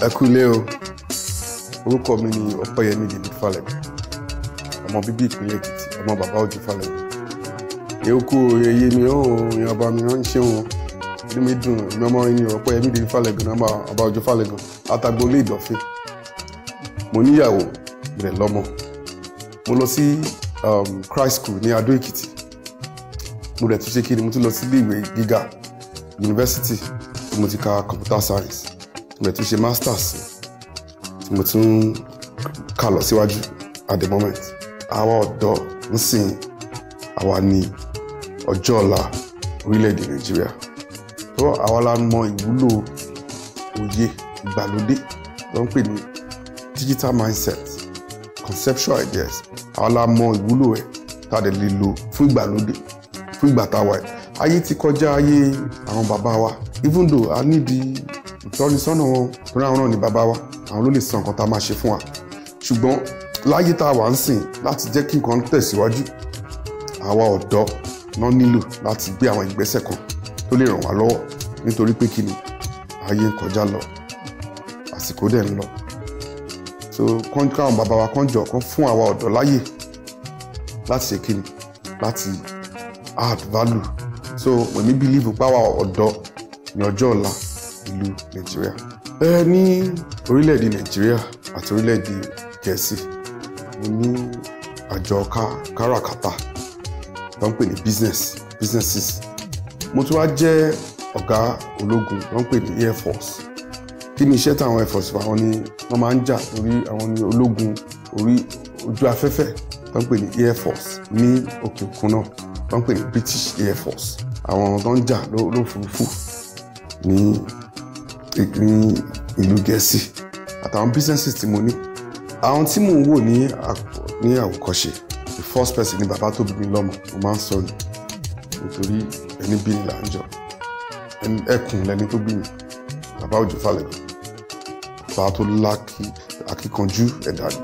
ẹ kú ilé o orúkọ mi ni ọpẹ́yẹmí david falẹmi ọmọ bíbí ìpínlẹ̀ èkìtì ọmọ bàbá òjì falẹmi èkó èyí mi ó èèyàn ọba mi rán ṣé wọn inú mi dùn èmi ọmọ yìí ni ọpẹ́yẹmí david falẹmi náà ọba òjì falẹmi àtàgbọ ilé ìdọ̀fin mo níyàwó rẹ̀ lọ́mọ mo lọ sí um, christ school ní adó èkìtì mo rẹ̀ tún ṣe kí ni mo tún lọ sí iléèwé gíga yunifásitì tí mo ti ka computer science mo tún ṣe masters tí mo tún kà lọ síwájú at the moment àwa ọ̀dọ́ ń sìn àwa ní ọjọ́ ọ̀la orílẹ̀-èdè nàìjíríà tó àwa la mọ ìwúlò òye ìgbàlódé tó ń pè ní digital mindset conceptual ideas àwa la mọ ìwúlò ẹ̀ tá a dẹ̀ lè lò fún ìgbàlódé fún ìgbà tá a wà yìí ayé ti kọjá ayé àwọn bàbá wa even though a nídi ìtọ́nisọ́nà wọn torí àwọn náà ní bàbá wa àwọn ló lè sọ nǹkan tá a máa ṣe fún wa ṣùgbọ́n láyé tá a wà ń sìn láti jẹ́ kí nǹkan tẹ̀síwájú àwa ọ̀dọ́ náà nílò láti gbé àwọn ìgbésẹ̀ kan tó lè ràn wá lọ́wọ́ nítorí pé kí ni ayé ń kọjá lọ àsìkò dẹ̀ ń lọ so kọ́ńtà àwọn bàbá wa kan jọ kan fún àwa ọ̀dọ́ láyè láti ṣe kí ni láti add value so when we believe pé àwa ọ̀dọ́ ní ọjọ́ ọ̀la ìlú nàìjíríà bẹ́ẹ̀ ní orílẹ̀-èdè nàìjíríà àti orílẹ̀-èdè gẹ̀ẹ́sì mo ní àjọ káràkátà tó ń pè ní business businesses mo tún wá jẹ́ ọ̀gá ológun tó ń pè ní air force kí ni iṣẹ́ táwọn air force fa wọn ni wọ́n máa ń jà lórí àwọn ní ológun orí ojú afẹ́fẹ́ tó ń pè ní air force ní òkè òkun náà tó ń pè ní british air force àwọn tó ń jà lófurufú ní ní ìlú gẹ̀ẹ́sì àtàwọn businesses tí mo ní àwọn tí mò ń wò ní ní àwòkọ́ṣe the first person ni bàbá tó bí mi lọ́mọ mo máa ń sọ ni nítorí ẹni bí ni là ń jọ ẹkùn lẹni tó bí mi bàbá òjò falẹ̀gbẹ̀ bàbá tó lákì akíkanjú ẹ̀dá ni.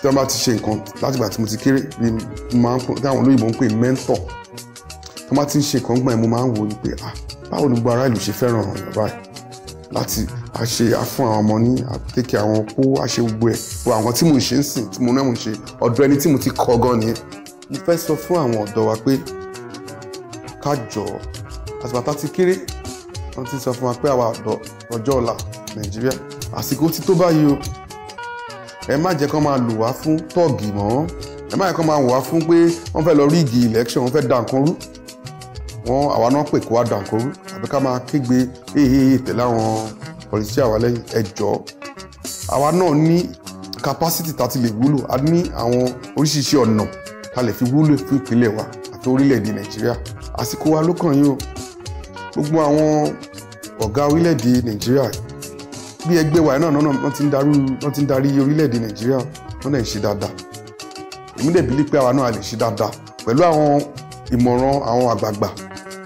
tí wọ́n bá ti ṣe nǹkan látìgbà tí mo ti kéré ni mo máa ń pè táwọn olóyìnbó ń pè mẹ́ńtọ̀ tí wọ́n bá ti ń ṣe nǹkan gbọ́n ẹ̀ mo máa ń wò ó pé ah báwo ni gbogbo ará ìlú ṣe fẹ́ràn ọ̀yàn báyìí láti àṣe àfún àwọn ọmọ ní àtẹkẹ àwọn kó àṣe gbogbo ẹ wo àwọn tí mò ń ṣe ń sìn tí mo náà mò ń ṣe ọ̀dọ̀ ẹni tí mo ti kọ́ gan nìyẹn. mo fẹ́ sọ fún àwọn ọ̀dọ́ wa pé ká jọ àtìpàtà ti kéré wọ́n ti sọ fún wa pé àwa ọ̀dọ́ ọjọ́ ọ̀la Nàìjíríà àsìkò ti tó báyìí o ẹ má jẹ́ kán máa lò wá fún tọ́ọ̀gì mọ́ ẹ má jẹ́ kán máa wò wá fún pé wọ́n fẹ́ lọ ríìgì election wọ́n fẹ́ dà nǹkan rú wọn àwa náà pè kó wá dà nǹkan rú àbí ká máa kígbe hehehe tẹ̀lé àwọn politician wa lẹ́yìn ẹ jọ̀ọ́ àwa náà ní capacity tá a ti lè wúlò a ní àwọn oríṣiríṣi ọ̀nà tá a lè fi wúlò fún ìpínlẹ̀ wa àti orílẹ̀-èdè nàìjíríà àsìkò wa ló kàn yín o gbogbo àwọn ọ̀gá orílẹ̀-èdè nàìjíríà bí ẹgbẹ́ wa náà náà wọ́n ti ń darí wọ́n ti ń darí orílẹ̀-èdè nàìjíríà wọ́n dẹ̀ ń ṣe dáadáa èmi dẹ̀ bílí pé àwa náà a lè ṣe dáadáa pẹ̀lú àwọn ìmọ̀ràn àwọn àgbààgbà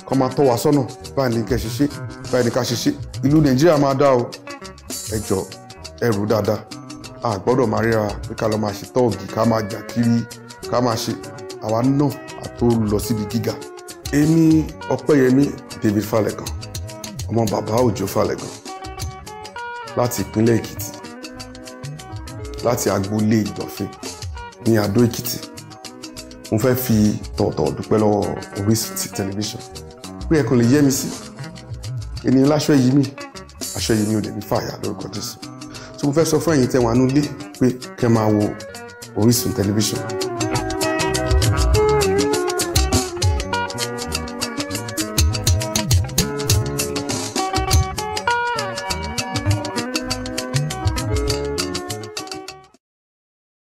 kan máa tọ́ wa sọ́nà báyìí ní kẹ́ ṣe ṣe báyìí ní ká ṣe ṣe ìlú nàìjíríà máa dá o ẹ jọ ẹ rú dáadáa a gbọ́dọ̀ máa ríra pé ká lọ máa ṣe tọ́ọ̀gì ká máa jà kiri ká máa ṣe àwa náà àtó lọ síbi gíga èmi ọpẹ́yẹmí david falẹ̀gàn ọmọ bàbá òjó falẹ̀gàn láti ìpínlẹ̀ èkìtì láti agboolé ìdọ̀fin ní adó èkìtì mo fẹ́ fi tọ̀ọ̀tọ̀ dúpẹ́ lọ́wọ́ Orísun tẹlifíṣàn pé ẹ̀kan lè yẹ́ mi sí ènìyàn láṣọ yìí mi aṣọ yìí mi ò lè ní fàyà lórúkọ Jésù tó mo fẹ́ sọ fún ẹ̀yin tẹ́wọ̀n anú lé pé kẹ́ máa wo Orísun tẹlifíṣàn.